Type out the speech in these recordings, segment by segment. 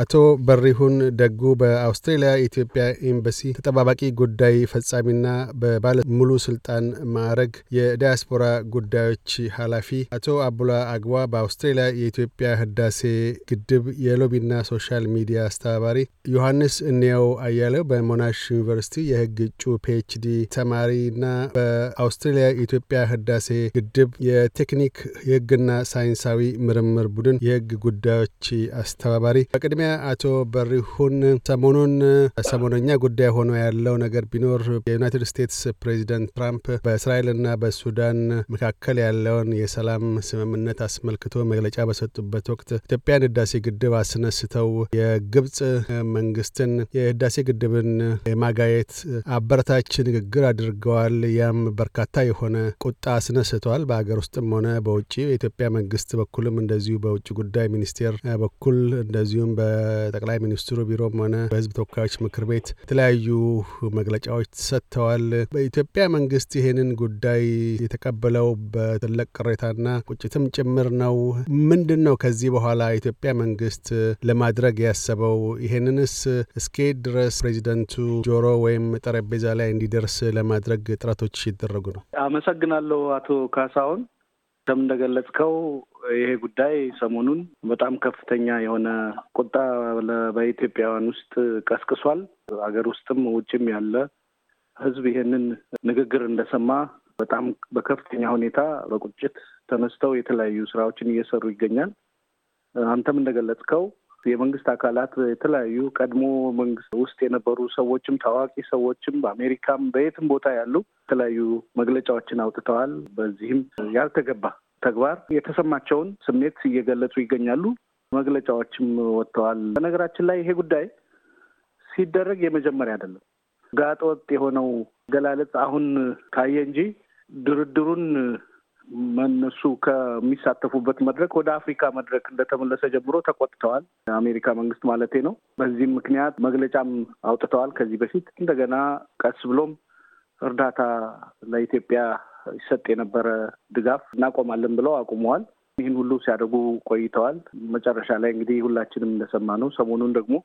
አቶ በሪሁን ደጉ በአውስትሬልያ የኢትዮጵያ ኤምባሲ ተጠባባቂ ጉዳይ ፈጻሚና በባለ ሙሉ ስልጣን ማዕረግ የዲያስፖራ ጉዳዮች ኃላፊ፣ አቶ አቡላ አግባ በአውስትሬልያ የኢትዮጵያ ህዳሴ ግድብ የሎቢና ሶሻል ሚዲያ አስተባባሪ፣ ዮሐንስ እንየው አያሌው በሞናሽ ዩኒቨርሲቲ የህግ እጩ ፒኤችዲ ተማሪና በአውስትሬልያ የኢትዮጵያ ህዳሴ ግድብ የቴክኒክ የህግና ሳይንሳዊ ምርምር ቡድን የህግ ጉዳዮች አስተባባሪ በቅድሚ በመደምደሚያ አቶ በሪሁን ሰሞኑን ሰሞነኛ ጉዳይ ሆኖ ያለው ነገር ቢኖር የዩናይትድ ስቴትስ ፕሬዚደንት ትራምፕ በእስራኤልና በሱዳን መካከል ያለውን የሰላም ስምምነት አስመልክቶ መግለጫ በሰጡበት ወቅት ኢትዮጵያን ህዳሴ ግድብ አስነስተው የግብጽ መንግስትን የህዳሴ ግድብን የማጋየት አበረታች ንግግር አድርገዋል። ያም በርካታ የሆነ ቁጣ አስነስተዋል። በሀገር ውስጥም ሆነ በውጭ የኢትዮጵያ መንግስት በኩልም እንደዚሁ በውጭ ጉዳይ ሚኒስቴር በኩል እንደዚሁም በ በጠቅላይ ሚኒስትሩ ቢሮም ሆነ በህዝብ ተወካዮች ምክር ቤት የተለያዩ መግለጫዎች ሰጥተዋል። በኢትዮጵያ መንግስት ይህንን ጉዳይ የተቀበለው በትልቅ ቅሬታና ቁጭትም ጭምር ነው። ምንድን ነው ከዚህ በኋላ የኢትዮጵያ መንግስት ለማድረግ ያሰበው? ይህንንስ እስከ ድረስ ፕሬዚደንቱ ጆሮ ወይም ጠረጴዛ ላይ እንዲደርስ ለማድረግ ጥረቶች ይደረጉ ነው? አመሰግናለሁ አቶ ካሳሁን። አንተም እንደገለጽከው ይሄ ጉዳይ ሰሞኑን በጣም ከፍተኛ የሆነ ቁጣ በኢትዮጵያውያን ውስጥ ቀስቅሷል። አገር ውስጥም ውጭም ያለ ህዝብ ይሄንን ንግግር እንደሰማ በጣም በከፍተኛ ሁኔታ በቁጭት ተነስተው የተለያዩ ስራዎችን እየሰሩ ይገኛል። አንተም እንደገለጽከው የመንግስት አካላት የተለያዩ ቀድሞ መንግስት ውስጥ የነበሩ ሰዎችም ታዋቂ ሰዎችም በአሜሪካም በየትም ቦታ ያሉ የተለያዩ መግለጫዎችን አውጥተዋል። በዚህም ያልተገባ ተግባር የተሰማቸውን ስሜት እየገለጹ ይገኛሉ። መግለጫዎችም ወጥተዋል። በነገራችን ላይ ይሄ ጉዳይ ሲደረግ የመጀመሪያ አይደለም። ጋጠወጥ የሆነው ገላለጽ አሁን ካየ እንጂ ድርድሩን እነሱ ከሚሳተፉበት መድረክ ወደ አፍሪካ መድረክ እንደተመለሰ ጀምሮ ተቆጥተዋል። አሜሪካ መንግስት ማለቴ ነው። በዚህም ምክንያት መግለጫም አውጥተዋል ከዚህ በፊት እንደገና ቀስ ብሎም እርዳታ ለኢትዮጵያ ይሰጥ የነበረ ድጋፍ እናቆማለን ብለው አቁመዋል። ይህን ሁሉ ሲያደርጉ ቆይተዋል። መጨረሻ ላይ እንግዲህ ሁላችንም እንደሰማ ነው ሰሞኑን ደግሞ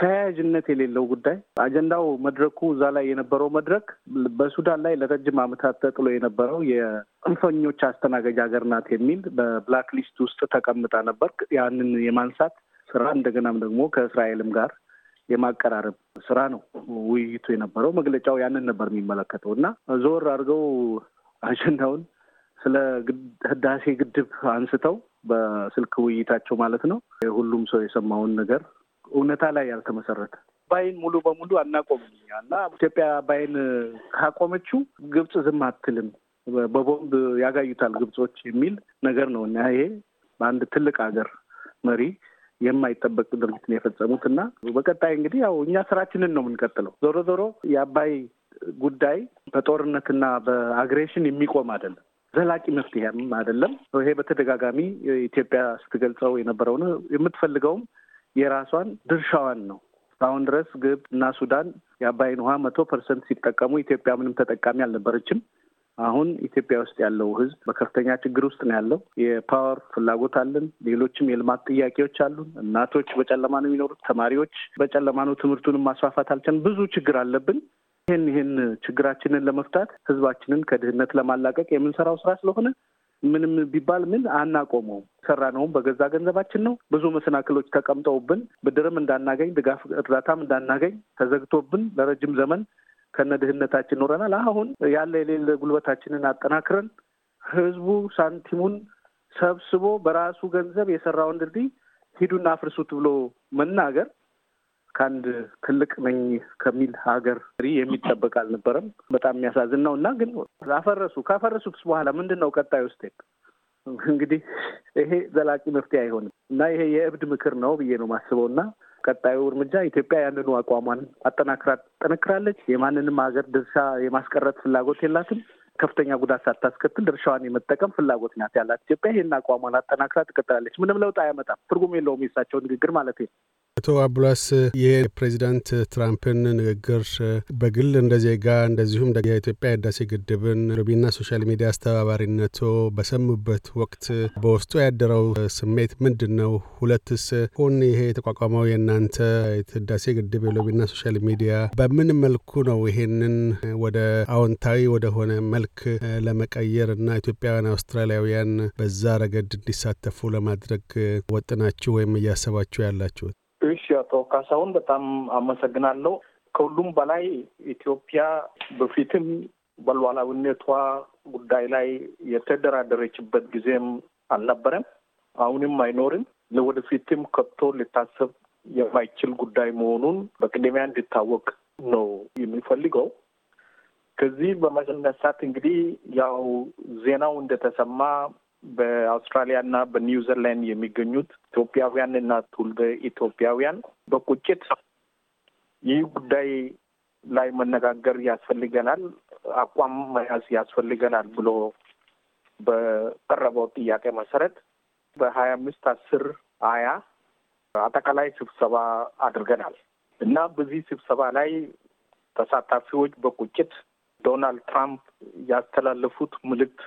ተያያዥነት የሌለው ጉዳይ አጀንዳው መድረኩ እዛ ላይ የነበረው መድረክ በሱዳን ላይ ለረጅም ዓመታት ተጥሎ የነበረው የጽንፈኞች አስተናገጅ ሀገር ናት የሚል በብላክ ሊስት ውስጥ ተቀምጣ ነበር። ያንን የማንሳት ስራ እንደገናም ደግሞ ከእስራኤልም ጋር የማቀራረብ ስራ ነው ውይይቱ የነበረው። መግለጫው ያንን ነበር የሚመለከተው እና ዞር አድርገው አጀንዳውን ስለ ህዳሴ ግድብ አንስተው በስልክ ውይይታቸው ማለት ነው የሁሉም ሰው የሰማውን ነገር እውነታ ላይ ያልተመሰረተ ባይን ሙሉ በሙሉ አናቆምም እኛ እና ኢትዮጵያ ባይን ካቆመችው ግብጽ ዝም አትልም፣ በቦምብ ያጋዩታል ግብጾች የሚል ነገር ነው እና ይሄ በአንድ ትልቅ ሀገር መሪ የማይጠበቅ ድርጊት ነው የፈጸሙት እና በቀጣይ እንግዲህ ያው እኛ ስራችንን ነው የምንቀጥለው። ዞሮ ዞሮ የአባይ ጉዳይ በጦርነትና በአግሬሽን የሚቆም አይደለም፣ ዘላቂ መፍትሄም አይደለም። ይሄ በተደጋጋሚ ኢትዮጵያ ስትገልጸው የነበረውን የምትፈልገውም የራሷን ድርሻዋን ነው። እስካሁን ድረስ ግብፅ እና ሱዳን የአባይን ውሃ መቶ ፐርሰንት ሲጠቀሙ ኢትዮጵያ ምንም ተጠቃሚ አልነበረችም። አሁን ኢትዮጵያ ውስጥ ያለው ሕዝብ በከፍተኛ ችግር ውስጥ ነው ያለው። የፓወር ፍላጎት አለን። ሌሎችም የልማት ጥያቄዎች አሉን። እናቶች በጨለማ ነው የሚኖሩት። ተማሪዎች በጨለማ ነው ትምህርቱንም ማስፋፋት አልቻን። ብዙ ችግር አለብን። ይህን ይህን ችግራችንን ለመፍታት ሕዝባችንን ከድህነት ለማላቀቅ የምንሰራው ስራ ስለሆነ ምንም ቢባል ምን አናቆመውም። ነውም በገዛ ገንዘባችን ነው። ብዙ መሰናክሎች ተቀምጠውብን ብድርም እንዳናገኝ ድጋፍ እርዳታም እንዳናገኝ ተዘግቶብን ለረጅም ዘመን ከነድህነታችን ኖረናል። አሁን ያለ የሌለ ጉልበታችንን አጠናክረን ህዝቡ ሳንቲሙን ሰብስቦ በራሱ ገንዘብ የሰራውን ድልድይ ሂዱና አፍርሱት ብሎ መናገር ከአንድ ትልቅ ነኝ ከሚል ሀገር ሪ የሚጠበቅ አልነበረም። በጣም የሚያሳዝን ነው እና ግን አፈረሱ። ካፈረሱትስ በኋላ ምንድን ነው ቀጣዩ ስቴፕ? እንግዲህ ይሄ ዘላቂ መፍትሄ አይሆንም እና ይሄ የእብድ ምክር ነው ብዬ ነው ማስበው እና ቀጣዩ እርምጃ ኢትዮጵያ ያንኑ አቋሟን አጠናክራ ጠነክራለች። የማንንም ሀገር ድርሻ የማስቀረት ፍላጎት የላትም። ከፍተኛ ጉዳት ሳታስከትል ድርሻዋን የመጠቀም ፍላጎት ናት ያላት ኢትዮጵያ ይህን አቋሟን አጠናክራ ትቀጥላለች። ምንም ለውጥ አያመጣም፣ ትርጉም የለውም የሳቸው ንግግር ማለት ነው። አቶ አቡላስ የፕሬዚዳንት ትራምፕን ንግግር በግል እንደ ዜጋ እንደዚሁም የኢትዮጵያ ህዳሴ ግድብን ሎቢና ሶሻል ሚዲያ አስተባባሪነቶ በሰሙበት ወቅት በውስጡ ያደረው ስሜት ምንድን ነው? ሁለትስ ሁን ይሄ የተቋቋመው የእናንተ ህዳሴ ግድብ የሎቢና ሶሻል ሚዲያ በምን መልኩ ነው ይሄንን ወደ አዎንታዊ ወደሆነ መልክ ለመቀየር እና ኢትዮጵያውያን አውስትራሊያውያን በዛ ረገድ እንዲሳተፉ ለማድረግ ወጥናችሁ ወይም እያሰባችሁ ያላችሁት? እሺ አቶ ካሳሁን በጣም አመሰግናለሁ። ከሁሉም በላይ ኢትዮጵያ በፊትም በሉዓላዊነቷ ጉዳይ ላይ የተደራደረችበት ጊዜም አልነበረም፣ አሁንም አይኖርም። ለወደፊትም ከቶ ሊታሰብ የማይችል ጉዳይ መሆኑን በቅድሚያ እንዲታወቅ ነው የሚፈልገው። ከዚህ በመነሳት እንግዲህ ያው ዜናው እንደተሰማ በአውስትራሊያና በኒውዚላንድ የሚገኙት ኢትዮጵያውያንና ትውልደ ኢትዮጵያውያን በቁጭት ይህ ጉዳይ ላይ መነጋገር ያስፈልገናል፣ አቋም መያዝ ያስፈልገናል ብሎ በቀረበው ጥያቄ መሰረት በሀያ አምስት አስር ሀያ አጠቃላይ ስብሰባ አድርገናል እና በዚህ ስብሰባ ላይ ተሳታፊዎች በቁጭት ዶናልድ ትራምፕ ያስተላለፉት ምልክት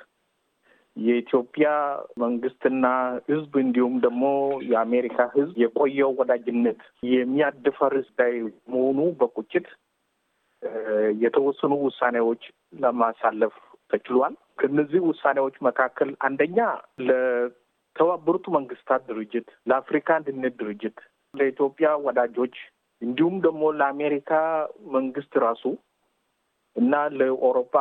የኢትዮጵያ መንግስትና ህዝብ እንዲሁም ደግሞ የአሜሪካ ህዝብ የቆየው ወዳጅነት የሚያድፈርስ ላይ መሆኑ በቁጭት የተወሰኑ ውሳኔዎች ለማሳለፍ ተችሏል። ከነዚህ ውሳኔዎች መካከል አንደኛ ለተባበሩት መንግስታት ድርጅት፣ ለአፍሪካ አንድነት ድርጅት፣ ለኢትዮጵያ ወዳጆች እንዲሁም ደግሞ ለአሜሪካ መንግስት ራሱ እና ለአውሮፓ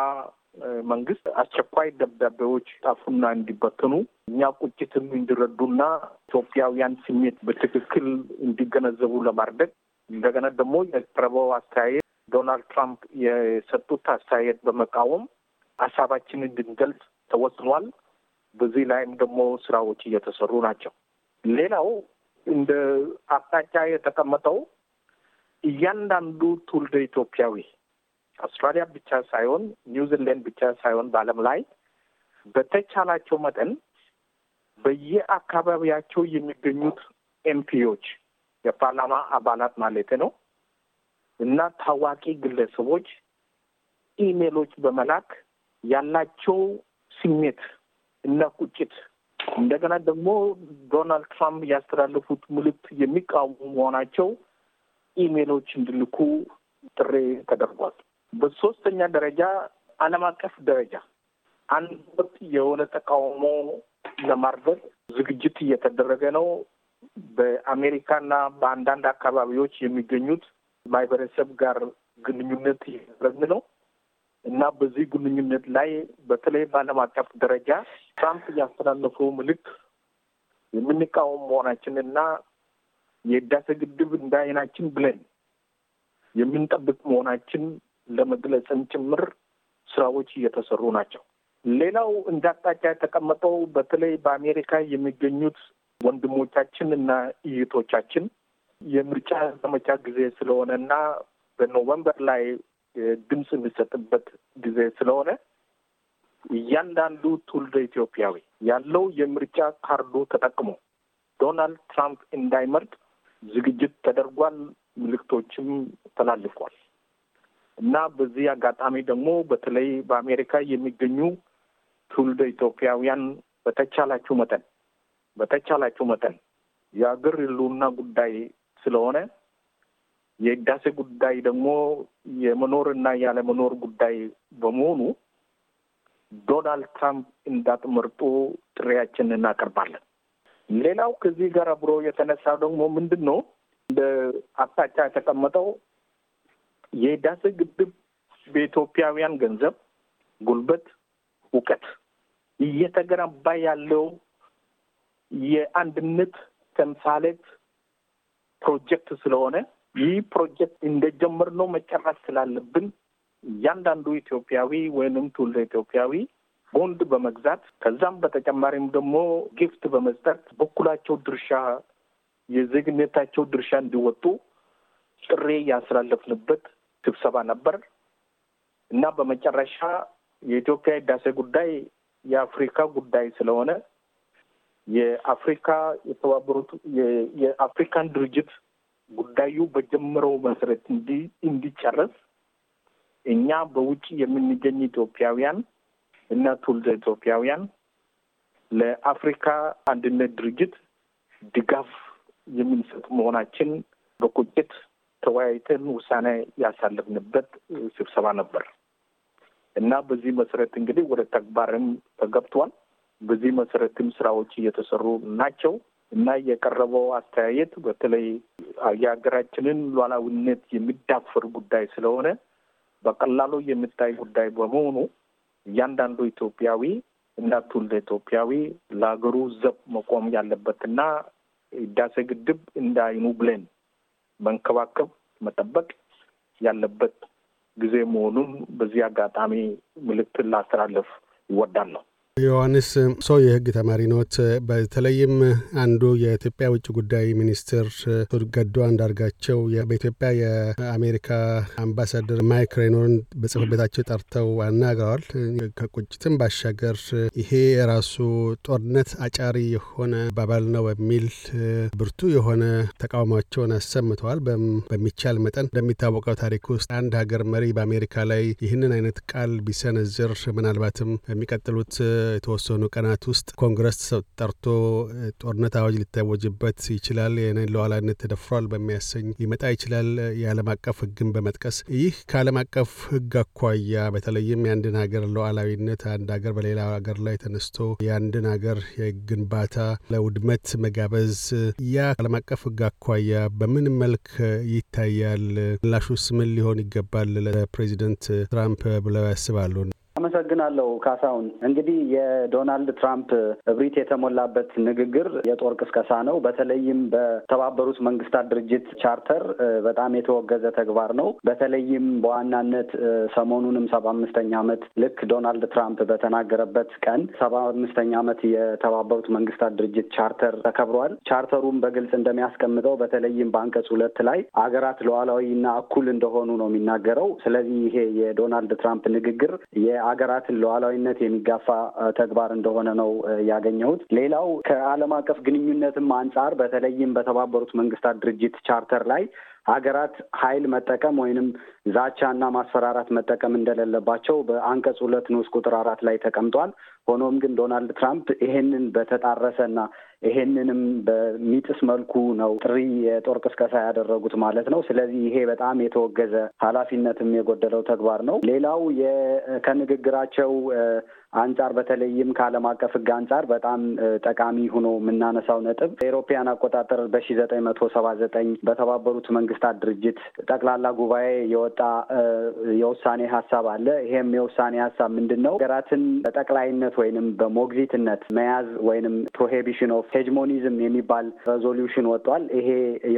መንግስት አስቸኳይ ደብዳቤዎች ጣፉና እንዲበትኑ እኛ ቁጭትም እንዲረዱና ኢትዮጵያውያን ስሜት በትክክል እንዲገነዘቡ ለማድረግ እንደገና ደግሞ የቀረበው አስተያየት ዶናልድ ትራምፕ የሰጡት አስተያየት በመቃወም ሀሳባችን እንድንገልጽ ተወስኗል። በዚህ ላይም ደግሞ ስራዎች እየተሰሩ ናቸው። ሌላው እንደ አቅጣጫ የተቀመጠው እያንዳንዱ ትውልደ ኢትዮጵያዊ አውስትራሊያ ብቻ ሳይሆን ኒውዚላንድ ብቻ ሳይሆን በዓለም ላይ በተቻላቸው መጠን በየአካባቢያቸው የሚገኙት ኤምፒዎች የፓርላማ አባላት ማለት ነው እና ታዋቂ ግለሰቦች ኢሜሎች በመላክ ያላቸው ስሜት እና ቁጭት እንደገና ደግሞ ዶናልድ ትራምፕ ያስተላለፉት ምልክት የሚቃወሙ መሆናቸው ኢሜሎች እንዲልኩ ጥሪ ተደርጓል። በሶስተኛ ደረጃ ዓለም አቀፍ ደረጃ አንድ ወቅት የሆነ ተቃውሞ ለማርገብ ዝግጅት እየተደረገ ነው። በአሜሪካና በአንዳንድ አካባቢዎች የሚገኙት ማህበረሰብ ጋር ግንኙነት እያደረግን ነው እና በዚህ ግንኙነት ላይ በተለይ በዓለም አቀፍ ደረጃ ትራምፕ ያስተላለፉ ምልክ የምንቃወም መሆናችን እና የህዳሴ ግድብ እንደ አይናችን ብለን የምንጠብቅ መሆናችን ለመግለጽም ጭምር ስራዎች እየተሰሩ ናቸው። ሌላው እንደ አቅጣጫ የተቀመጠው በተለይ በአሜሪካ የሚገኙት ወንድሞቻችን እና እይቶቻችን የምርጫ ዘመቻ ጊዜ ስለሆነ እና በኖቨምበር ላይ ድምፅ የሚሰጥበት ጊዜ ስለሆነ እያንዳንዱ ትውልደ ኢትዮጵያዊ ያለው የምርጫ ካርዱ ተጠቅሞ ዶናልድ ትራምፕ እንዳይመርጥ ዝግጅት ተደርጓል። ምልክቶችም ተላልፏል። እና በዚህ አጋጣሚ ደግሞ በተለይ በአሜሪካ የሚገኙ ትውልደ ኢትዮጵያውያን በተቻላችሁ መጠን በተቻላችሁ መጠን የአገር ሕልውና ጉዳይ ስለሆነ የህዳሴ ጉዳይ ደግሞ የመኖርና ያለመኖር ጉዳይ በመሆኑ ዶናልድ ትራምፕ እንዳትመርጡ ጥሪያችን እናቀርባለን። ሌላው ከዚህ ጋር አብሮ የተነሳ ደግሞ ምንድን ነው እንደ አቅጣጫ የተቀመጠው የህዳሴ ግድብ በኢትዮጵያውያን ገንዘብ፣ ጉልበት፣ እውቀት እየተገነባ ያለው የአንድነት ተምሳሌት ፕሮጀክት ስለሆነ ይህ ፕሮጀክት እንደጀመርነው መጨረስ ስላለብን እያንዳንዱ ኢትዮጵያዊ ወይንም ትውልደ ኢትዮጵያዊ ቦንድ በመግዛት ከዛም በተጨማሪም ደግሞ ጊፍት በመስጠት በኩላቸው ድርሻ የዜግነታቸው ድርሻ እንዲወጡ ጥሬ ያስተላለፍንበት ስብሰባ ነበር እና በመጨረሻ የኢትዮጵያ ህዳሴ ጉዳይ የአፍሪካ ጉዳይ ስለሆነ የአፍሪካ የተባበሩት የአፍሪካን ድርጅት ጉዳዩ በጀመረው መሰረት እንዲጨረስ እኛ በውጭ የምንገኝ ኢትዮጵያውያን እና ትውልደ ኢትዮጵያውያን ለአፍሪካ አንድነት ድርጅት ድጋፍ የምንሰጥ መሆናችን በቁጭት ተወያይተን ውሳኔ ያሳለፍንበት ስብሰባ ነበር እና በዚህ መሰረት እንግዲህ ወደ ተግባርም ተገብቷል። በዚህ መሰረትም ስራዎች እየተሰሩ ናቸው እና የቀረበው አስተያየት በተለይ የሀገራችንን ሉዓላዊነት የሚዳፈር ጉዳይ ስለሆነ በቀላሉ የሚታይ ጉዳይ በመሆኑ እያንዳንዱ ኢትዮጵያዊ እና ትውልደ ኢትዮጵያዊ ለሀገሩ ዘብ መቆም ያለበትና ህዳሴ ግድብ እንዳይኑ ብለን መንከባከብ፣ መጠበቅ ያለበት ጊዜ መሆኑን በዚህ አጋጣሚ ምልክት ላስተላለፍ ይወዳል ነው። ዮሐንስ ሰው የህግ ተማሪ ኖት። በተለይም አንዱ የኢትዮጵያ ውጭ ጉዳይ ሚኒስትር ገዱ አንዳርጋቸው በኢትዮጵያ የአሜሪካ አምባሳደር ማይክ ሬኖርን በጽህፈት ቤታቸው ጠርተው አናግረዋል። ከቁጭትም ባሻገር ይሄ የራሱ ጦርነት አጫሪ የሆነ አባባል ነው በሚል ብርቱ የሆነ ተቃውሟቸውን አሰምተዋል። በሚቻል መጠን እንደሚታወቀው ታሪክ ውስጥ አንድ ሀገር መሪ በአሜሪካ ላይ ይህንን አይነት ቃል ቢሰነዝር ምናልባትም የሚቀጥሉት በተወሰኑ ቀናት ውስጥ ኮንግረስ ጠርቶ ጦርነት አዋጅ ሊታወጅበት ይችላል፣ የኔን ሉዓላዊነት ተደፍሯል በሚያሰኝ ሊመጣ ይችላል የዓለም አቀፍ ሕግን በመጥቀስ ይህ ከዓለም አቀፍ ሕግ አኳያ በተለይም የአንድን ሀገር ሉዓላዊነት አንድ ሀገር በሌላ ሀገር ላይ ተነስቶ የአንድን ሀገር የግንባታ ለውድመት መጋበዝ ያ ከዓለም አቀፍ ሕግ አኳያ በምን መልክ ይታያል? ምላሹስ ምን ሊሆን ይገባል? ለፕሬዚደንት ትራምፕ ብለው ያስባሉ? አመሰግናለሁ ካሳሁን። እንግዲህ የዶናልድ ትራምፕ እብሪት የተሞላበት ንግግር የጦር ቅስቀሳ ነው። በተለይም በተባበሩት መንግስታት ድርጅት ቻርተር በጣም የተወገዘ ተግባር ነው። በተለይም በዋናነት ሰሞኑንም ሰባ አምስተኛ ዓመት ልክ ዶናልድ ትራምፕ በተናገረበት ቀን ሰባ አምስተኛ ዓመት የተባበሩት መንግስታት ድርጅት ቻርተር ተከብሯል። ቻርተሩም በግልጽ እንደሚያስቀምጠው በተለይም በአንቀጽ ሁለት ላይ አገራት ሉዓላዊና እኩል እንደሆኑ ነው የሚናገረው። ስለዚህ ይሄ የዶናልድ ትራምፕ ንግግር የሀገራትን ሉዓላዊነት የሚጋፋ ተግባር እንደሆነ ነው ያገኘሁት። ሌላው ከዓለም አቀፍ ግንኙነትም አንጻር በተለይም በተባበሩት መንግስታት ድርጅት ቻርተር ላይ ሀገራት ኃይል መጠቀም ወይንም ዛቻና ማስፈራራት መጠቀም እንደሌለባቸው በአንቀጽ ሁለት ንዑስ ቁጥር አራት ላይ ተቀምጧል። ሆኖም ግን ዶናልድ ትራምፕ ይሄንን በተጣረሰና ይሄንንም በሚጥስ መልኩ ነው ጥሪ የጦር ቅስቀሳ ያደረጉት ማለት ነው። ስለዚህ ይሄ በጣም የተወገዘ ኃላፊነትም የጎደለው ተግባር ነው። ሌላው ከንግግራቸው አንጻር በተለይም ከዓለም አቀፍ ሕግ አንጻር በጣም ጠቃሚ ሆኖ የምናነሳው ነጥብ በኤሮፓያን አቆጣጠር በሺ ዘጠኝ መቶ ሰባ ዘጠኝ በተባበሩት መንግስታት ድርጅት ጠቅላላ ጉባኤ የወጣ የውሳኔ ሀሳብ አለ። ይሄም የውሳኔ ሀሳብ ምንድን ነው? ሀገራትን በጠቅላይነት ወይንም በሞግዚትነት መያዝ ወይንም ፕሮሄቢሽን ኦፍ ሄጅሞኒዝም የሚባል ሬዞሉሽን ወጥቷል። ይሄ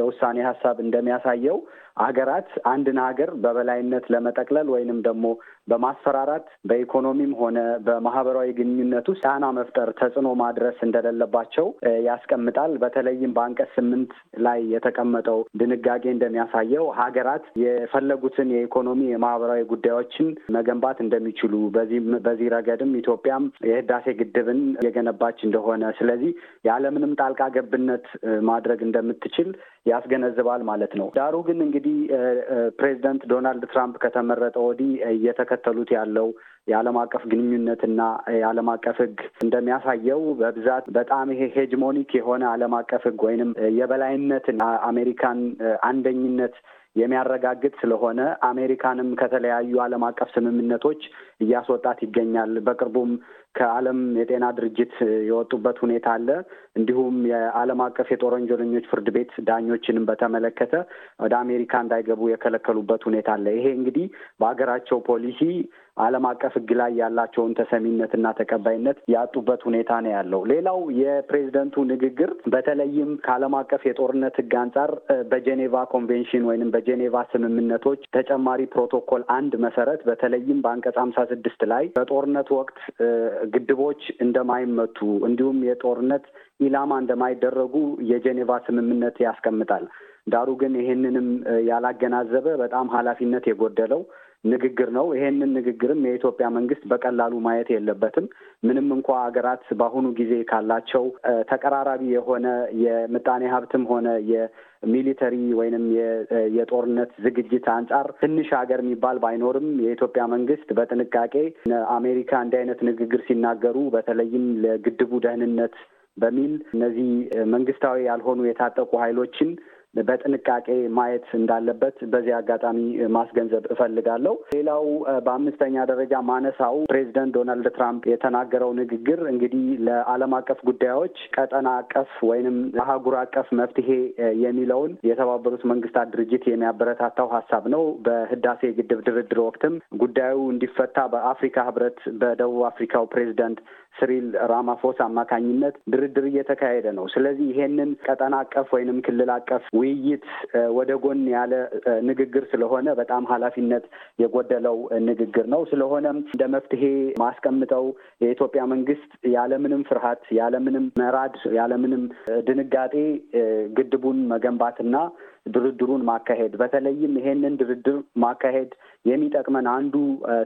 የውሳኔ ሀሳብ እንደሚያሳየው ሀገራት አንድን ሀገር በበላይነት ለመጠቅለል ወይንም ደግሞ በማስፈራራት በኢኮኖሚም ሆነ በማህበራዊ ግንኙነት ውስጥ ጫና መፍጠር፣ ተጽዕኖ ማድረስ እንደሌለባቸው ያስቀምጣል። በተለይም በአንቀጽ ስምንት ላይ የተቀመጠው ድንጋጌ እንደሚያሳየው ሀገራት የፈለጉትን የኢኮኖሚ የማህበራዊ ጉዳዮችን መገንባት እንደሚችሉ በዚህ በዚህ ረገድም ኢትዮጵያም የህዳሴ ግድብን የገነባች እንደሆነ ስለዚህ ያለምንም ጣልቃ ገብነት ማድረግ እንደምትችል ያስገነዝባል ማለት ነው። ዳሩ ግን እንግዲህ ፕሬዚደንት ዶናልድ ትራምፕ ከተመረጠ ወዲህ እየተከተሉት ያለው የዓለም አቀፍ ግንኙነትና የዓለም አቀፍ ሕግ እንደሚያሳየው በብዛት በጣም ይሄ ሄጅሞኒክ የሆነ ዓለም አቀፍ ሕግ ወይንም የበላይነትን አሜሪካን አንደኝነት የሚያረጋግጥ ስለሆነ አሜሪካንም ከተለያዩ ዓለም አቀፍ ስምምነቶች እያስወጣት ይገኛል። በቅርቡም ከዓለም የጤና ድርጅት የወጡበት ሁኔታ አለ። እንዲሁም የዓለም አቀፍ የጦር ወንጀለኞች ፍርድ ቤት ዳኞችንም በተመለከተ ወደ አሜሪካ እንዳይገቡ የከለከሉበት ሁኔታ አለ። ይሄ እንግዲህ በሀገራቸው ፖሊሲ ዓለም አቀፍ ሕግ ላይ ያላቸውን ተሰሚነትና ተቀባይነት ያጡበት ሁኔታ ነው ያለው። ሌላው የፕሬዝደንቱ ንግግር በተለይም ከዓለም አቀፍ የጦርነት ሕግ አንጻር በጄኔቫ ኮንቬንሽን ወይንም በጄኔቫ ስምምነቶች ተጨማሪ ፕሮቶኮል አንድ መሰረት በተለይም በአንቀጽ ሀምሳ ስድስት ላይ በጦርነት ወቅት ግድቦች እንደማይመቱ እንዲሁም የጦርነት ኢላማ እንደማይደረጉ የጄኔቫ ስምምነት ያስቀምጣል። ዳሩ ግን ይህንንም ያላገናዘበ በጣም ኃላፊነት የጎደለው ንግግር ነው። ይሄንን ንግግርም የኢትዮጵያ መንግስት በቀላሉ ማየት የለበትም። ምንም እንኳ ሀገራት በአሁኑ ጊዜ ካላቸው ተቀራራቢ የሆነ የምጣኔ ሀብትም ሆነ የሚሊተሪ ወይንም የጦርነት ዝግጅት አንጻር ትንሽ ሀገር የሚባል ባይኖርም የኢትዮጵያ መንግስት በጥንቃቄ አሜሪካ እንዲህ አይነት ንግግር ሲናገሩ በተለይም ለግድቡ ደህንነት በሚል እነዚህ መንግስታዊ ያልሆኑ የታጠቁ ኃይሎችን በጥንቃቄ ማየት እንዳለበት በዚህ አጋጣሚ ማስገንዘብ እፈልጋለሁ። ሌላው በአምስተኛ ደረጃ ማነሳው ፕሬዚደንት ዶናልድ ትራምፕ የተናገረው ንግግር እንግዲህ ለዓለም አቀፍ ጉዳዮች ቀጠና አቀፍ ወይንም አህጉር አቀፍ መፍትሄ የሚለውን የተባበሩት መንግስታት ድርጅት የሚያበረታታው ሀሳብ ነው። በህዳሴ ግድብ ድርድር ወቅትም ጉዳዩ እንዲፈታ በአፍሪካ ህብረት በደቡብ አፍሪካው ፕሬዚደንት ስሪል ራማፎስ አማካኝነት ድርድር እየተካሄደ ነው። ስለዚህ ይሄንን ቀጠና አቀፍ ወይንም ክልል አቀፍ ውይይት ወደ ጎን ያለ ንግግር ስለሆነ በጣም ኃላፊነት የጎደለው ንግግር ነው። ስለሆነም እንደ መፍትሄ ማስቀምጠው የኢትዮጵያ መንግስት ያለምንም ፍርሃት፣ ያለምንም መራድ፣ ያለምንም ድንጋጤ ግድቡን መገንባትና ድርድሩን ማካሄድ በተለይም ይሄንን ድርድር ማካሄድ የሚጠቅመን አንዱ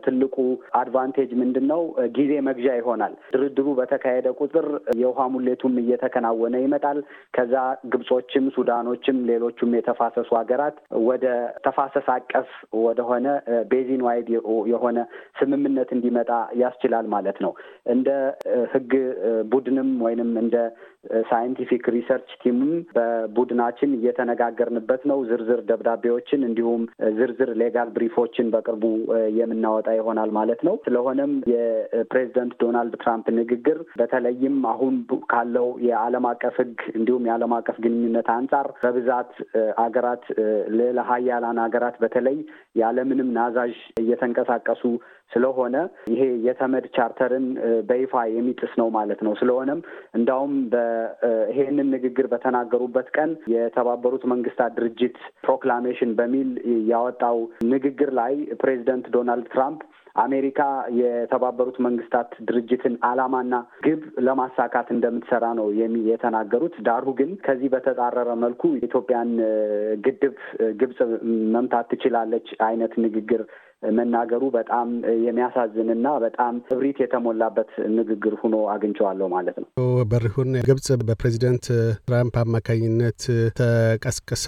ትልቁ አድቫንቴጅ ምንድን ነው? ጊዜ መግዣ ይሆናል። ድርድሩ በተካሄደ ቁጥር የውሃ ሙሌቱም እየተከናወነ ይመጣል። ከዛ ግብጾችም፣ ሱዳኖችም ሌሎቹም የተፋሰሱ ሀገራት ወደ ተፋሰስ አቀፍ ወደሆነ ቤዚን ዋይድ የሆነ ስምምነት እንዲመጣ ያስችላል ማለት ነው። እንደ ህግ ቡድንም ወይንም እንደ ሳይንቲፊክ ሪሰርች ቲምም በቡድናችን እየተነጋገርንበት ነው። ዝርዝር ደብዳቤዎችን እንዲሁም ዝርዝር ሌጋል ብሪፎችን በቅርቡ የምናወጣ ይሆናል ማለት ነው። ስለሆነም የፕሬዚደንት ዶናልድ ትራምፕ ንግግር በተለይም አሁን ካለው የዓለም አቀፍ ሕግ እንዲሁም የዓለም አቀፍ ግንኙነት አንጻር በብዛት አገራት ለሀያላን ሀገራት በተለይ ያለምንም ናዛዥ እየተንቀሳቀሱ ስለሆነ ይሄ የተመድ ቻርተርን በይፋ የሚጥስ ነው ማለት ነው። ስለሆነም እንዳውም ይሄንን ንግግር በተናገሩበት ቀን የተባበሩት መንግስታት ድርጅት ፕሮክላሜሽን በሚል ያወጣው ንግግር ላይ ፕሬዚደንት ዶናልድ ትራምፕ አሜሪካ የተባበሩት መንግስታት ድርጅትን ዓላማና ግብ ለማሳካት እንደምትሰራ ነው የተናገሩት። ዳሩ ግን ከዚህ በተጻረረ መልኩ የኢትዮጵያን ግድብ ግብጽ መምታት ትችላለች አይነት ንግግር መናገሩ በጣም የሚያሳዝንና በጣም እብሪት የተሞላበት ንግግር ሆኖ አግኝቸዋለሁ ማለት ነው። በሪሁን ግብጽ በፕሬዚደንት ትራምፕ አማካኝነት ተቀስቅሳ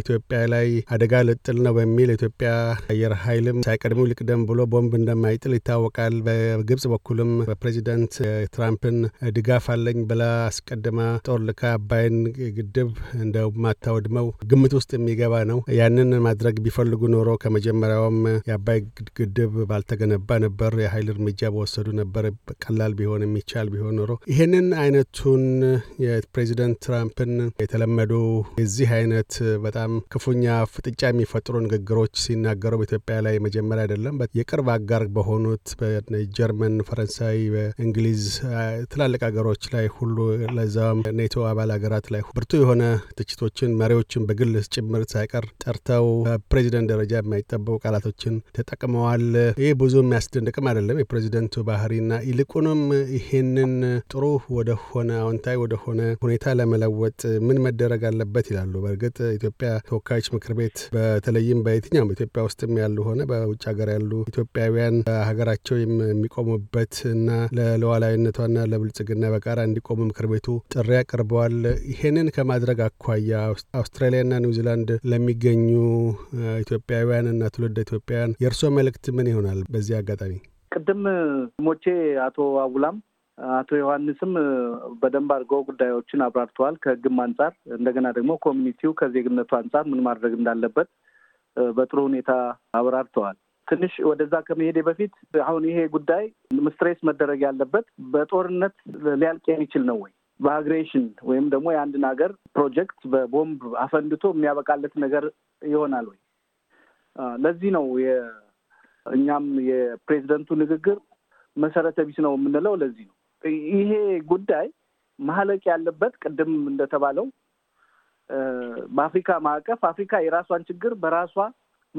ኢትዮጵያ ላይ አደጋ ልጥል ነው በሚል ኢትዮጵያ አየር ኃይልም ሳይቀድሙ ልቅደም ብሎ ቦምብ እንደማይጥል ይታወቃል። በግብጽ በኩልም በፕሬዚደንት ትራምፕን ድጋፍ አለኝ ብላ አስቀድማ ጦር ልካ አባይን ግድብ እንደማታወድመው ግምት ውስጥ የሚገባ ነው። ያንን ማድረግ ቢፈልጉ ኖሮ ከመጀመሪያውም የአባይ ግድብ ባልተገነባ ነበር፣ የኃይል እርምጃ በወሰዱ ነበር፣ ቀላል ቢሆን የሚቻል ቢሆን ኖሮ። ይህንን አይነቱን የፕሬዚደንት ትራምፕን የተለመዱ የዚህ አይነት በጣም ክፉኛ ፍጥጫ የሚፈጥሩ ንግግሮች ሲናገሩ በኢትዮጵያ ላይ መጀመሪያ አይደለም። የቅርብ አጋር በሆኑት በጀርመን፣ ፈረንሳይ፣ በእንግሊዝ ትላልቅ ሀገሮች ላይ ሁሉ ለዛም ኔቶ አባል ሀገራት ላይ ብርቱ የሆነ ትችቶችን መሪዎችን በግል ጭምር ሳይቀር ጠርተው በፕሬዚደንት ደረጃ የማይጠበቁ ቃላቶችን ተጠቅመዋል። ይህ ብዙ የሚያስደንቅም አይደለም የፕሬዚደንቱ ባህሪና ይልቁንም ይሄንን ጥሩ ወደሆነ አዎንታዊ ወደሆነ ሁኔታ ለመለወጥ ምን መደረግ አለበት ይላሉ። በእርግጥ ኢትዮጵያ ተወካዮች ምክር ቤት በተለይም በየትኛውም ኢትዮጵያ ውስጥም ያሉ ሆነ በውጭ ሀገር ያሉ ኢትዮጵያውያን ሀገራቸው የሚቆሙበት እና ለሉዓላዊነቷና ለብልጽግና በጋራ እንዲቆሙ ምክር ቤቱ ጥሪ አቅርበዋል። ይሄንን ከማድረግ አኳያ አውስትራሊያና ኒውዚላንድ ለሚገኙ ኢትዮጵያውያን እና ትውልደ ኢትዮጵያውያን የእርስዎ መልእክት ምን ይሆናል? በዚህ አጋጣሚ ቅድም ሞቼ አቶ አቡላም አቶ ዮሐንስም በደንብ አድርገው ጉዳዮችን አብራርተዋል። ከህግም አንጻር እንደገና ደግሞ ኮሚኒቲው ከዜግነቱ አንጻር ምን ማድረግ እንዳለበት በጥሩ ሁኔታ አብራርተዋል። ትንሽ ወደዛ ከመሄዴ በፊት አሁን ይሄ ጉዳይ ምስትሬስ መደረግ ያለበት በጦርነት ሊያልቅ የሚችል ነው ወይ በአግሬሽን ወይም ደግሞ የአንድን ሀገር ፕሮጀክት በቦምብ አፈንድቶ የሚያበቃለት ነገር ይሆናል ወይ? ለዚህ ነው እኛም የፕሬዚደንቱ ንግግር መሰረተ ቢስ ነው የምንለው። ለዚህ ነው ይሄ ጉዳይ ማለቅ ያለበት። ቅድም እንደተባለው በአፍሪካ ማዕቀፍ አፍሪካ የራሷን ችግር በራሷ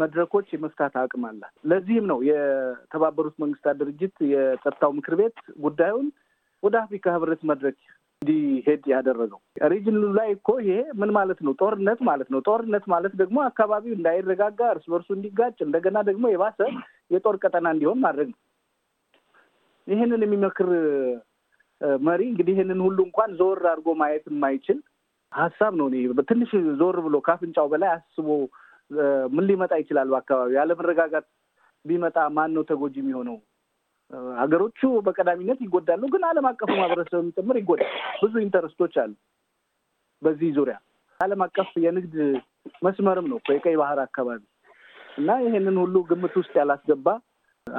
መድረኮች የመፍታት አቅም አላት። ለዚህም ነው የተባበሩት መንግስታት ድርጅት የጸጥታው ምክር ቤት ጉዳዩን ወደ አፍሪካ ህብረት መድረክ እንዲሄድ ያደረገው። ሪጅኑ ላይ እኮ ይሄ ምን ማለት ነው? ጦርነት ማለት ነው። ጦርነት ማለት ደግሞ አካባቢው እንዳይረጋጋ፣ እርስ በርሱ እንዲጋጭ፣ እንደገና ደግሞ የባሰ የጦር ቀጠና እንዲሆን ማድረግ ነው። ይህንን የሚመክር መሪ እንግዲህ ይህንን ሁሉ እንኳን ዞር አድርጎ ማየት የማይችል ሀሳብ ነው። በትንሽ ዞር ብሎ ካፍንጫው በላይ አስቦ ምን ሊመጣ ይችላል? በአካባቢ ያለመረጋጋት ቢመጣ ማን ነው ተጎጂ የሚሆነው? ሀገሮቹ በቀዳሚነት ይጎዳሉ፣ ግን ዓለም አቀፉ ማህበረሰብም ጭምር ይጎዳል። ብዙ ኢንተረስቶች አሉ በዚህ ዙሪያ። ዓለም አቀፍ የንግድ መስመርም ነው የቀይ ባህር አካባቢ እና ይሄንን ሁሉ ግምት ውስጥ ያላስገባ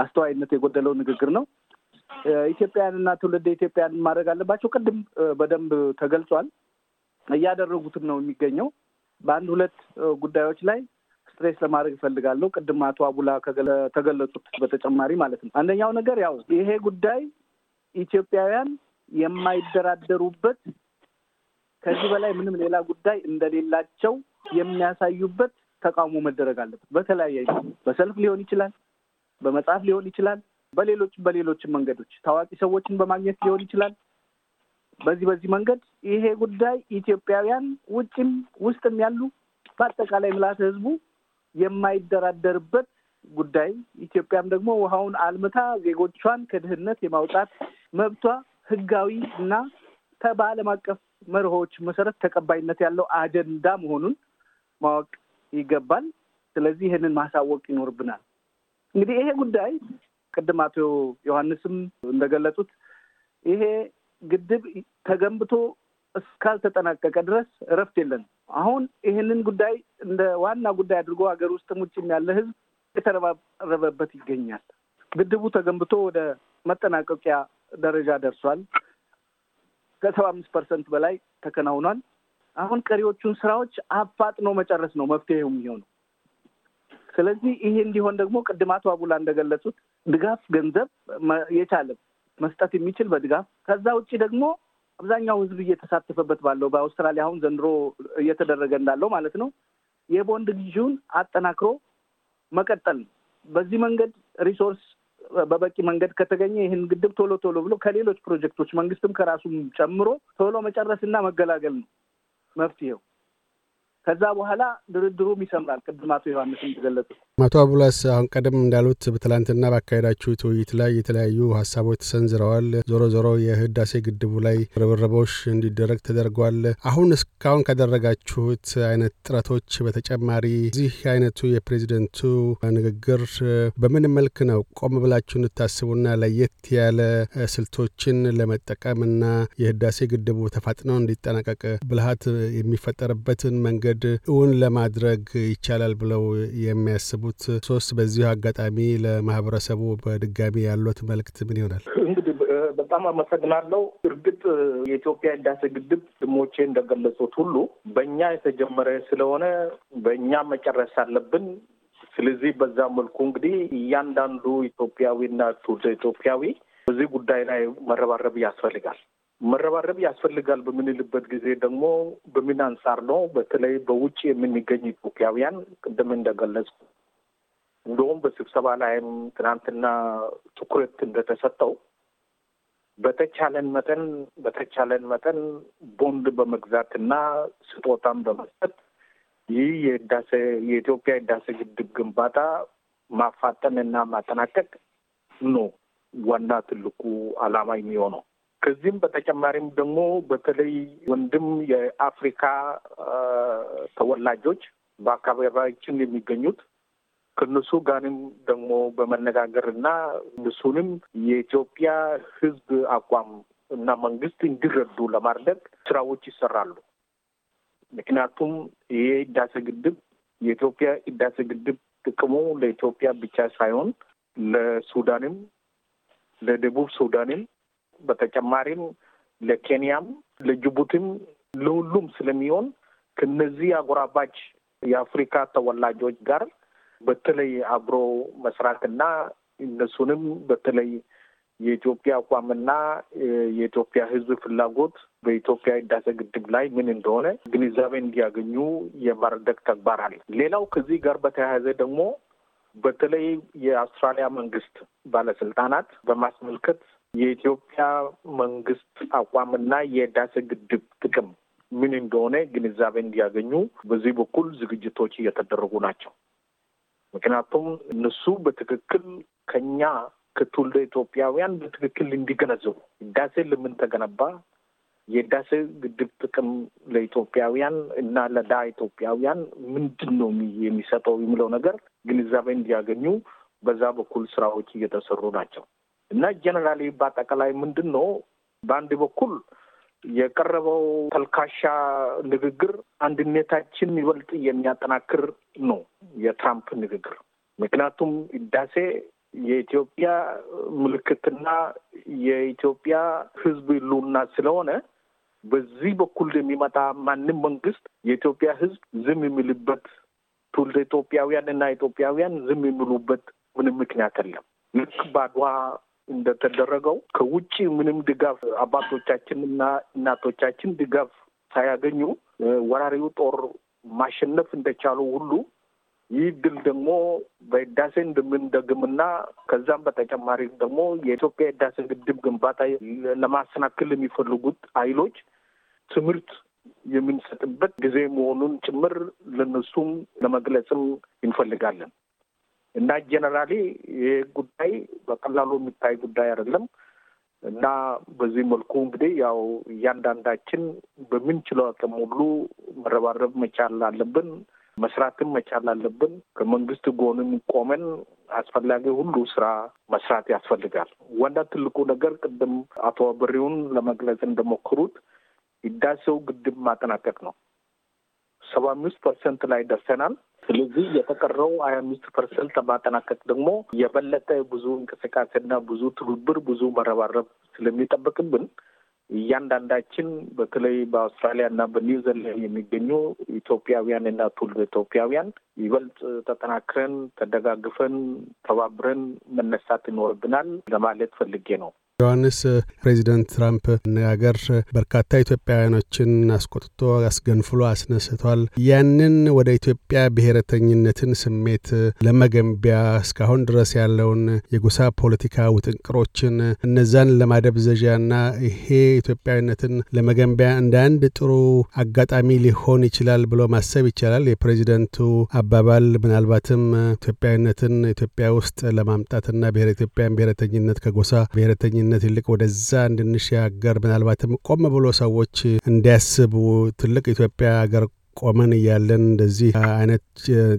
አስተዋይነት የጎደለው ንግግር ነው። ኢትዮጵያውያን እና ትውልደ ኢትዮጵያውያን ማድረግ አለባቸው። ቅድም በደንብ ተገልጿል። እያደረጉትም ነው የሚገኘው በአንድ ሁለት ጉዳዮች ላይ ስትሬስ ለማድረግ እፈልጋለሁ። ቅድም አቶ አቡላ ተገለጹት በተጨማሪ ማለት ነው። አንደኛው ነገር ያው ይሄ ጉዳይ ኢትዮጵያውያን የማይደራደሩበት ከዚህ በላይ ምንም ሌላ ጉዳይ እንደሌላቸው የሚያሳዩበት ተቃውሞ መደረግ አለበት። በተለያየ በሰልፍ ሊሆን ይችላል፣ በመጽሐፍ ሊሆን ይችላል፣ በሌሎች በሌሎችም መንገዶች ታዋቂ ሰዎችን በማግኘት ሊሆን ይችላል። በዚህ በዚህ መንገድ ይሄ ጉዳይ ኢትዮጵያውያን ውጭም ውስጥም ያሉ በአጠቃላይ ምልዓተ ህዝቡ የማይደራደርበት ጉዳይ ኢትዮጵያም ደግሞ ውሃውን አልምታ ዜጎቿን ከድህነት የማውጣት መብቷ ህጋዊ እና በዓለም አቀፍ መርሆች መሰረት ተቀባይነት ያለው አጀንዳ መሆኑን ማወቅ ይገባል። ስለዚህ ይህንን ማሳወቅ ይኖርብናል። እንግዲህ ይሄ ጉዳይ ቅድም አቶ ዮሐንስም እንደገለጹት ይሄ ግድብ ተገንብቶ እስካልተጠናቀቀ ድረስ እረፍት የለንም። አሁን ይህንን ጉዳይ እንደ ዋና ጉዳይ አድርጎ ሀገር ውስጥም ውጭም ያለ ህዝብ የተረባረበበት ይገኛል። ግድቡ ተገንብቶ ወደ መጠናቀቂያ ደረጃ ደርሷል። ከሰባ አምስት ፐርሰንት በላይ ተከናውኗል። አሁን ቀሪዎቹን ስራዎች አፋጥኖ መጨረስ ነው መፍትሄው የሚሆነው። ስለዚህ ይሄ እንዲሆን ደግሞ ቅድም አቶ አቡላ እንደገለጹት ድጋፍ ገንዘብ የቻለም መስጠት የሚችል በድጋፍ ከዛ ውጭ ደግሞ አብዛኛው ህዝብ እየተሳተፈበት ባለው በአውስትራሊያ አሁን ዘንድሮ እየተደረገ እንዳለው ማለት ነው የቦንድ ግዢውን አጠናክሮ መቀጠል ነው። በዚህ መንገድ ሪሶርስ በበቂ መንገድ ከተገኘ ይህን ግድብ ቶሎ ቶሎ ብሎ ከሌሎች ፕሮጀክቶች መንግስትም ከራሱም ጨምሮ ቶሎ መጨረስና መገላገል ነው መፍትሄው። ከዛ በኋላ ድርድሩም ይሰምራል። ቅድም አቶ ዮሐንስ እንደገለጹ አቶ አቡላስ አሁን ቀደም እንዳሉት በትላንትና ባካሄዳችሁት ውይይት ላይ የተለያዩ ሀሳቦች ተሰንዝረዋል። ዞሮ ዞሮ የህዳሴ ግድቡ ላይ ርብርቦች እንዲደረግ ተደርጓል። አሁን እስካሁን ካደረጋችሁት አይነት ጥረቶች በተጨማሪ እዚህ አይነቱ የፕሬዚደንቱ ንግግር በምን መልክ ነው ቆም ብላችሁ እንድታስቡና ለየት ያለ ስልቶችን ለመጠቀምና የህዳሴ ግድቡ ተፋጥነው እንዲጠናቀቅ ብልሃት የሚፈጠርበትን መንገድ መንገድ እውን ለማድረግ ይቻላል ብለው የሚያስቡት ሶስት በዚሁ አጋጣሚ ለማህበረሰቡ በድጋሚ ያሉት መልእክት ምን ይሆናል? በጣም አመሰግናለሁ። እርግጥ የኢትዮጵያ ህዳሴ ግድብ ድሞቼ እንደገለጹት ሁሉ በእኛ የተጀመረ ስለሆነ በእኛ መጨረስ አለብን። ስለዚህ በዛ መልኩ እንግዲህ እያንዳንዱ ኢትዮጵያዊና ትውልደ ኢትዮጵያዊ በዚህ ጉዳይ ላይ መረባረብ ያስፈልጋል። መረባረብ ያስፈልጋል በምንልበት ጊዜ ደግሞ በምን አንጻር ነው? በተለይ በውጭ የምንገኝ ኢትዮጵያውያን ቅድም እንደገለጽኩ እንደውም በስብሰባ ላይም ትናንትና ትኩረት እንደተሰጠው በተቻለን መጠን በተቻለን መጠን ቦንድ በመግዛትና ስጦታን በመስጠት ይህ የህዳሴ የኢትዮጵያ ህዳሴ ግድብ ግንባታ ማፋጠን እና ማጠናቀቅ ነው ዋና ትልቁ ዓላማ የሚሆነው። ከዚህም በተጨማሪም ደግሞ በተለይ ወንድም የአፍሪካ ተወላጆች በአካባቢያችን የሚገኙት ከነሱ ጋርም ደግሞ በመነጋገር እና እነሱንም የኢትዮጵያ ሕዝብ አቋም እና መንግስት እንዲረዱ ለማድረግ ስራዎች ይሰራሉ። ምክንያቱም ይሄ ህዳሴ ግድብ የኢትዮጵያ ህዳሴ ግድብ ጥቅሙ ለኢትዮጵያ ብቻ ሳይሆን ለሱዳንም፣ ለደቡብ ሱዳንም በተጨማሪም ለኬንያም ለጅቡቲም ለሁሉም ስለሚሆን ከነዚህ አጎራባች የአፍሪካ ተወላጆች ጋር በተለይ አብሮ መስራትና እነሱንም በተለይ የኢትዮጵያ አቋምና የኢትዮጵያ ሕዝብ ፍላጎት በኢትዮጵያ ህዳሴ ግድብ ላይ ምን እንደሆነ ግንዛቤ እንዲያገኙ የማረደግ ተግባር አለ። ሌላው ከዚህ ጋር በተያያዘ ደግሞ በተለይ የአውስትራሊያ መንግስት ባለስልጣናት በማስመልከት የኢትዮጵያ መንግስት አቋምና የህዳሴ ግድብ ጥቅም ምን እንደሆነ ግንዛቤ እንዲያገኙ በዚህ በኩል ዝግጅቶች እየተደረጉ ናቸው። ምክንያቱም እነሱ በትክክል ከኛ ከትውልደ ኢትዮጵያውያን በትክክል እንዲገነዘቡ ህዳሴ ለምን ተገነባ፣ የህዳሴ ግድብ ጥቅም ለኢትዮጵያውያን እና ለዳ ኢትዮጵያውያን ምንድን ነው የሚሰጠው የሚለው ነገር ግንዛቤ እንዲያገኙ በዛ በኩል ስራዎች እየተሰሩ ናቸው። እና ጀነራሊ በአጠቃላይ ምንድን ነው በአንድ በኩል የቀረበው ተልካሻ ንግግር አንድነታችን ይበልጥ የሚያጠናክር ነው የትራምፕ ንግግር። ምክንያቱም ህዳሴ የኢትዮጵያ ምልክትና የኢትዮጵያ ህዝብ ህልውና ስለሆነ በዚህ በኩል የሚመጣ ማንም መንግስት የኢትዮጵያ ህዝብ ዝም የሚልበት ትውልደ ኢትዮጵያውያን እና ኢትዮጵያውያን ዝም የሚሉበት ምንም ምክንያት የለም። ልክ በአድዋ እንደተደረገው ከውጭ ምንም ድጋፍ አባቶቻችን እና እናቶቻችን ድጋፍ ሳያገኙ ወራሪው ጦር ማሸነፍ እንደቻሉ ሁሉ ይህ ድል ደግሞ በህዳሴ እንደምንደግምና ከዛም በተጨማሪ ደግሞ የኢትዮጵያ ህዳሴ ግድብ ግንባታ ለማሰናክል የሚፈልጉት ኃይሎች ትምህርት የምንሰጥበት ጊዜ መሆኑን ጭምር ለነሱም ለመግለጽም እንፈልጋለን። እና ጀነራሊ ይህ ጉዳይ በቀላሉ የሚታይ ጉዳይ አይደለም እና በዚህ መልኩ እንግዲህ ያው እያንዳንዳችን በምንችለው አቅም ሁሉ መረባረብ መቻል አለብን፣ መስራትም መቻል አለብን። ከመንግስት ጎንም ቆመን አስፈላጊ ሁሉ ስራ መስራት ያስፈልጋል። ዋና ትልቁ ነገር ቅድም አቶ በሪውን ለመግለጽ እንደሞክሩት ህዳሴው ግድብ ማጠናቀቅ ነው። ሰባ አምስት ፐርሰንት ላይ ደርሰናል። ስለዚህ የተቀረው ሀያ አምስት ፐርሰንት ለማጠናቀቅ ደግሞ የበለጠ ብዙ እንቅስቃሴና ብዙ ትብብር፣ ብዙ መረባረብ ስለሚጠበቅብን እያንዳንዳችን በተለይ በአውስትራሊያ እና በኒውዚላንድ የሚገኙ ኢትዮጵያውያን እና ትውልደ ኢትዮጵያውያን ይበልጥ ተጠናክረን ተደጋግፈን ተባብረን መነሳት ይኖርብናል ለማለት ፈልጌ ነው። ዮሐንስ ፕሬዚደንት ትራምፕ አነጋገር በርካታ ኢትዮጵያውያኖችን አስቆጥቶ አስገንፍሎ አስነስቷል። ያንን ወደ ኢትዮጵያ ብሔረተኝነትን ስሜት ለመገንቢያ እስካሁን ድረስ ያለውን የጎሳ ፖለቲካ ውጥንቅሮችን እነዛን ለማደብዘዣና ይሄ ኢትዮጵያዊነትን ለመገንቢያ እንደ አንድ ጥሩ አጋጣሚ ሊሆን ይችላል ብሎ ማሰብ ይቻላል። የፕሬዚደንቱ አባባል ምናልባትም ኢትዮጵያዊነትን ኢትዮጵያ ውስጥ ለማምጣትና ብሔረ ኢትዮጵያን ብሔረተኝነት ከጎሳ ብሔረተኝነት ግንኙነት ይልቅ ወደዛ እንድንሻገር ምናልባትም ቆም ብሎ ሰዎች እንዲያስቡ ትልቅ ኢትዮጵያ ሀገር ቆመን እያለን እንደዚህ አይነት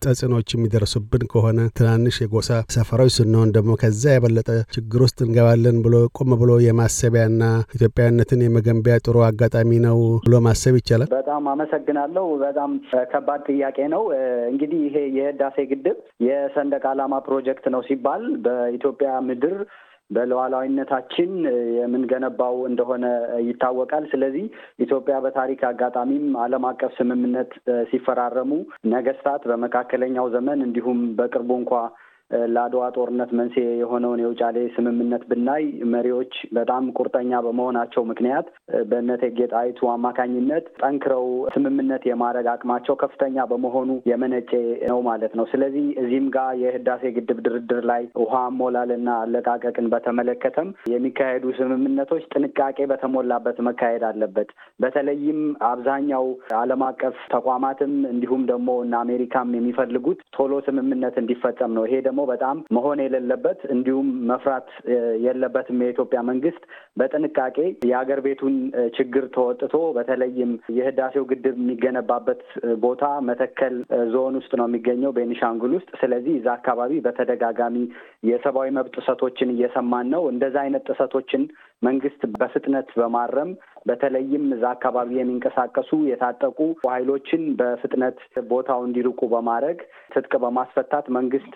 ጸጽኖች የሚደርሱብን ከሆነ ትናንሽ የጎሳ ሰፈሮች ስንሆን ደግሞ ከዛ የበለጠ ችግር ውስጥ እንገባለን ብሎ ቆም ብሎ የማሰቢያና ኢትዮጵያዊነትን የመገንቢያ ጥሩ አጋጣሚ ነው ብሎ ማሰብ ይቻላል። በጣም አመሰግናለሁ። በጣም ከባድ ጥያቄ ነው። እንግዲህ ይሄ የህዳሴ ግድብ የሰንደቅ ዓላማ ፕሮጀክት ነው ሲባል በኢትዮጵያ ምድር በሉዓላዊነታችን የምንገነባው እንደሆነ ይታወቃል። ስለዚህ ኢትዮጵያ በታሪክ አጋጣሚም ዓለም አቀፍ ስምምነት ሲፈራረሙ ነገስታት በመካከለኛው ዘመን እንዲሁም በቅርቡ እንኳ ለአድዋ ጦርነት መንስኤ የሆነውን የውጫሌ ስምምነት ብናይ መሪዎች በጣም ቁርጠኛ በመሆናቸው ምክንያት በእቴጌ ጣይቱ አማካኝነት ጠንክረው ስምምነት የማድረግ አቅማቸው ከፍተኛ በመሆኑ የመነጨ ነው ማለት ነው። ስለዚህ እዚህም ጋር የህዳሴ ግድብ ድርድር ላይ ውሃ አሞላልና አለቃቀቅን በተመለከተም የሚካሄዱ ስምምነቶች ጥንቃቄ በተሞላበት መካሄድ አለበት። በተለይም አብዛኛው ዓለም አቀፍ ተቋማትም እንዲሁም ደግሞ እና አሜሪካም የሚፈልጉት ቶሎ ስምምነት እንዲፈጸም ነው። ይሄ ደግሞ በጣም መሆን የሌለበት እንዲሁም መፍራት የለበትም። የኢትዮጵያ መንግስት በጥንቃቄ የሀገር ቤቱን ችግር ተወጥቶ በተለይም የህዳሴው ግድብ የሚገነባበት ቦታ መተከል ዞን ውስጥ ነው የሚገኘው፣ ቤኒሻንጉል ውስጥ። ስለዚህ እዛ አካባቢ በተደጋጋሚ የሰብአዊ መብት ጥሰቶችን እየሰማን ነው። እንደዛ አይነት ጥሰቶችን መንግስት በፍጥነት በማረም በተለይም እዛ አካባቢ የሚንቀሳቀሱ የታጠቁ ኃይሎችን በፍጥነት ቦታው እንዲርቁ በማድረግ ትጥቅ በማስፈታት መንግስት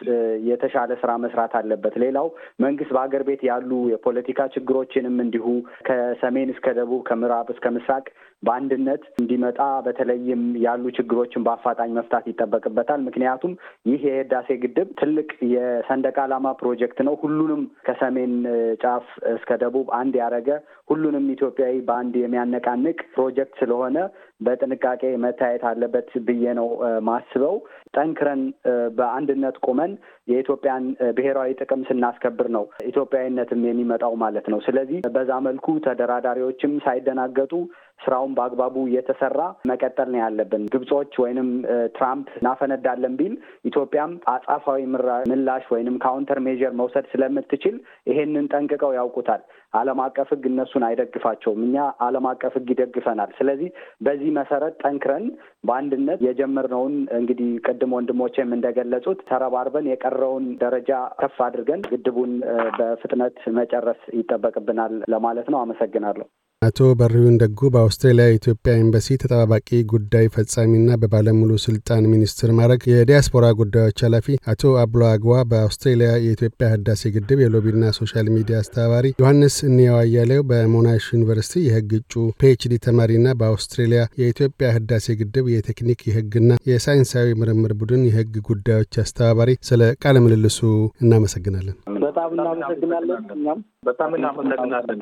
የተሻለ ስራ መስራት አለበት። ሌላው መንግስት በሀገር ቤት ያሉ የፖለቲካ ችግሮችንም እንዲሁ ከሰሜን እስከ ደቡብ ከምዕራብ እስከ ምስራቅ በአንድነት እንዲመጣ በተለይም ያሉ ችግሮችን በአፋጣኝ መፍታት ይጠበቅበታል። ምክንያቱም ይህ የህዳሴ ግድብ ትልቅ የሰንደቅ ዓላማ ፕሮጀክት ነው። ሁሉንም ከሰሜን ጫፍ እስከ ደቡብ አንድ ያደረገ ሁሉንም ኢትዮጵያዊ በአንድ የሚያነቃንቅ ፕሮጀክት ስለሆነ በጥንቃቄ መታየት አለበት ብዬ ነው ማስበው። ጠንክረን በአንድነት ቆመን የኢትዮጵያን ብሔራዊ ጥቅም ስናስከብር ነው ኢትዮጵያዊነትም የሚመጣው ማለት ነው። ስለዚህ በዛ መልኩ ተደራዳሪዎችም ሳይደናገጡ ስራውን በአግባቡ እየተሰራ መቀጠል ነው ያለብን። ግብጾች ወይንም ትራምፕ እናፈነዳለን ቢል ኢትዮጵያም አጻፋዊ ምላሽ ወይንም ካውንተር ሜዥር መውሰድ ስለምትችል ይሄንን ጠንቅቀው ያውቁታል። ዓለም አቀፍ ሕግ እነሱን አይደግፋቸውም። እኛ ዓለም አቀፍ ሕግ ይደግፈናል። ስለዚህ በዚህ መሰረት ጠንክረን በአንድነት የጀመርነውን እንግዲህ ቅድም ወንድሞቼም እንደገለጹት ተረባርበን የቀረውን ደረጃ ከፍ አድርገን ግድቡን በፍጥነት መጨረስ ይጠበቅብናል ለማለት ነው። አመሰግናለሁ። አቶ በሪውን ደጉ በአውስትሬሊያ የኢትዮጵያ ኤምባሲ ተጠባባቂ ጉዳይ ፈጻሚና በባለሙሉ ስልጣን ሚኒስትር ማድረግ የዲያስፖራ ጉዳዮች ኃላፊ፣ አቶ አብሎ አግዋ በአውስትሬሊያ የኢትዮጵያ ህዳሴ ግድብ የሎቢና ሶሻል ሚዲያ አስተባባሪ፣ ዮሐንስ እንየው አያሌው በሞናሽ ዩኒቨርሲቲ የህግ እጩ ፒኤችዲ ተማሪና በአውስትሬሊያ የኢትዮጵያ ህዳሴ ግድብ የቴክኒክ የህግና የሳይንሳዊ ምርምር ቡድን የህግ ጉዳዮች አስተባባሪ፣ ስለ ቃለ ምልልሱ እናመሰግናለን። በጣም እናመሰግናለን። እኛም በጣም እናመሰግናለን።